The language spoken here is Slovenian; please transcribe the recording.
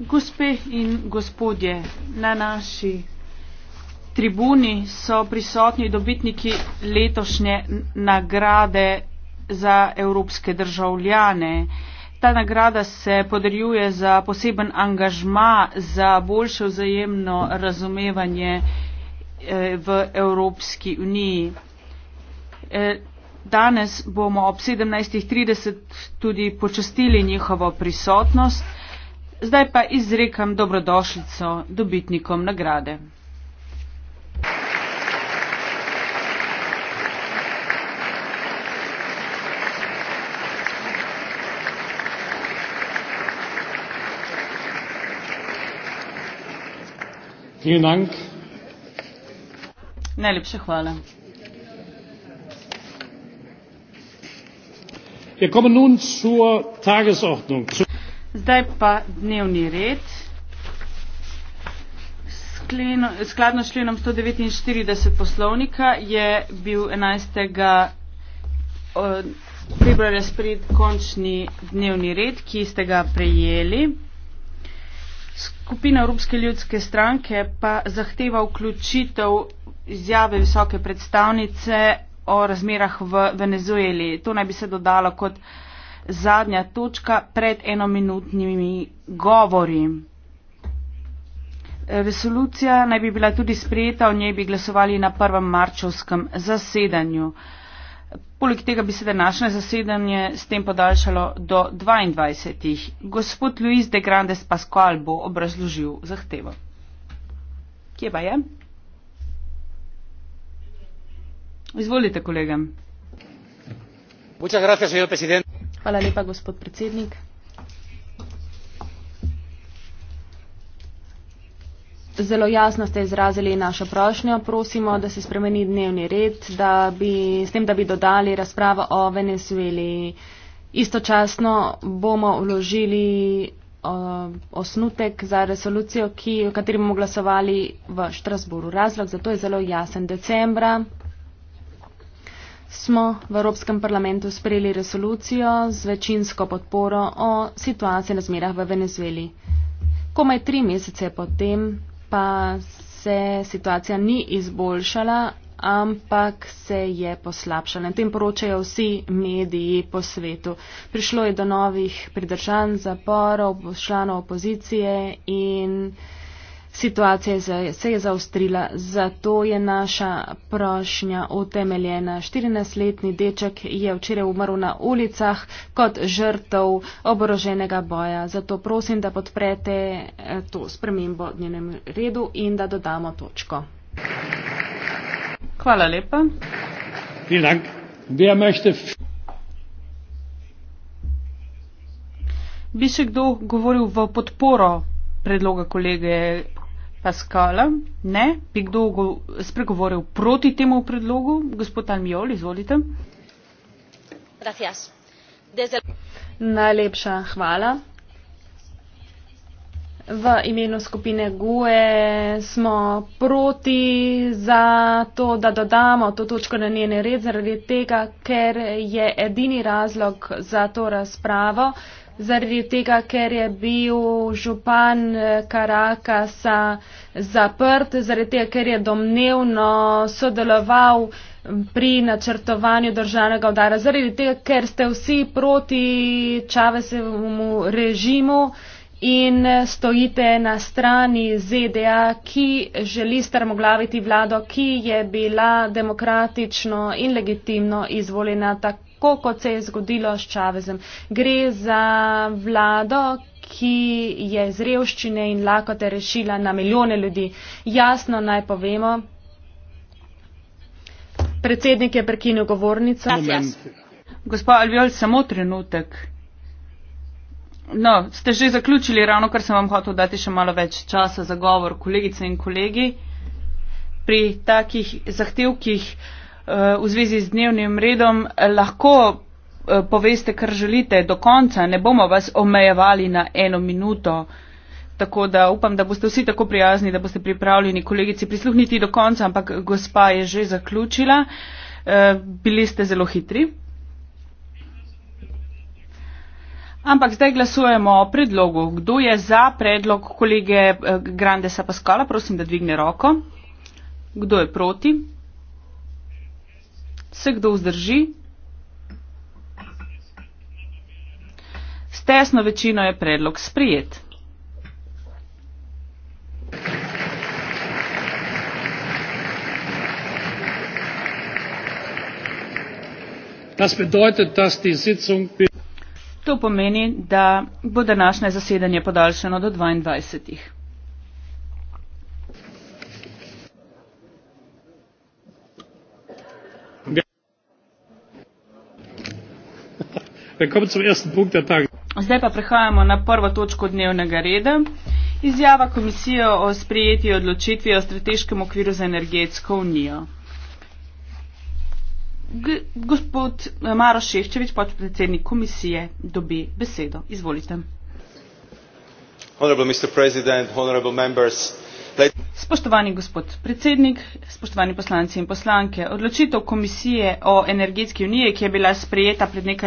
Gospe in gospodje, na naši tribuni so prisotni dobitniki letošnje nagrade za evropske državljane. Ta nagrada se podarjuje za poseben angažma za boljše vzajemno razumevanje eh, v Evropski uniji. Eh, danes bomo ob 17.30 tudi počastili njihovo prisotnost. Zdaj pa izrekam dobrodošlico dobitnikom nagrade. Najlepša hvala. Wir kommen nun zur Tagesordnung. Zu Zdaj pa dnevni red. Skleno, skladno s členom 149 poslovnika je bil 11. februarja spred končni dnevni red, ki ste ga prejeli. Skupina Evropske ljudske stranke pa zahteva vključitev izjave visoke predstavnice o razmerah v Venezueli. To naj bi se dodalo kot zadnja točka pred enominutnimi govori. Resolucija naj bi bila tudi sprejeta, o njej bi glasovali na prvem marčovskem zasedanju. Poleg tega bi se današnje zasedanje s tem podaljšalo do 22. Gospod Luis de Grandes Pascual bo obrazložil zahtevo. Kje pa je? Izvolite, kolega. Muchas gracias, señor presidente. Hvala lepa, gospod predsednik. Zelo jasno ste izrazili našo prošnjo, prosimo, da se spremeni dnevni red, da bi, s tem, da bi dodali razpravo o Venezueli. Istočasno bomo vložili uh, osnutek za resolucijo, ki, o kateri bomo glasovali v Štrasburu. Razlog za to je zelo jasen. Decembra smo v Evropskem parlamentu sprejeli resolucijo z večinsko podporo o situaciji na zmerah v Venezueli. Komaj tri mesece potem pa se situacija ni izboljšala, ampak se je poslabšala. In tem poročajo vsi mediji po svetu. Prišlo je do novih pridržanj, zaporov, članov opozicije in situacija se je zaostrila, zato je naša prošnja utemeljena. 14-letni deček je včeraj umrl na ulicah kot žrtov oboroženega boja. Zato prosim, da podprete eh, to spremembo dnevnem redu in da dodamo točko. Hvala lepa. Bi še kdo govoril v podporo predloga kolege Paskala, ne, bi kdo spregovoril proti temu predlogu? Gospod Almijol, izvolite. Desel... Najlepša hvala. V imenu skupine GUE smo proti za to, da dodamo to točko na njene red zaradi tega, ker je edini razlog za to razpravo, zaradi tega, ker je bil župan Karakasa eh, zaprt, zaradi tega, ker je domnevno sodeloval pri načrtovanju državnega udara, zaradi tega, ker ste vsi proti Čavesevemu režimu in eh, stojite na strani ZDA, ki želi strmoglaviti vlado, ki je bila demokratično in legitimno izvoljena tako tako, kot se je zgodilo s Čavezem. Gre za vlado, ki je z revščine in lakote rešila na milijone ljudi. Jasno naj povemo, predsednik je prekinil govornico. Gospod Alviol, samo trenutek. No, ste že zaključili, ravno kar sem vam hotel dati še malo več časa za govor, kolegice in kolegi. Pri takih zahtevkih uh, Eh, v zvezi z dnevnim redom, lahko eh, poveste, kar želite do konca, ne bomo vas omejevali na eno minuto. Tako da upam, da boste vsi tako prijazni, da boste pripravljeni kolegici prisluhniti do konca, ampak gospa je že zaključila. Eh, bili ste zelo hitri. Ampak zdaj glasujemo o predlogu. Kdo je za predlog kolege Grandesa Paskala? Prosim, da dvigne roko. Kdo je proti? Vse, kdo vzdrži, s tesno večino je predlog sprijet. To pomeni, da bo današnje zasedanje podaljšeno do 22. Zdaj pa prehajamo na prvo točko dnevnega reda. Izjava komisije o sprijeti odločitvi o strateškem okviru za energetsko unijo. G gospod eh, Maroš Ševčevič, podpredsednik komisije, dobi besedo. Izvolite. Spoštovani gospod predsednik, spoštovani poslanci in poslanke, odločitev komisije o energetski uniji, ki je bila sprejeta pred nekaj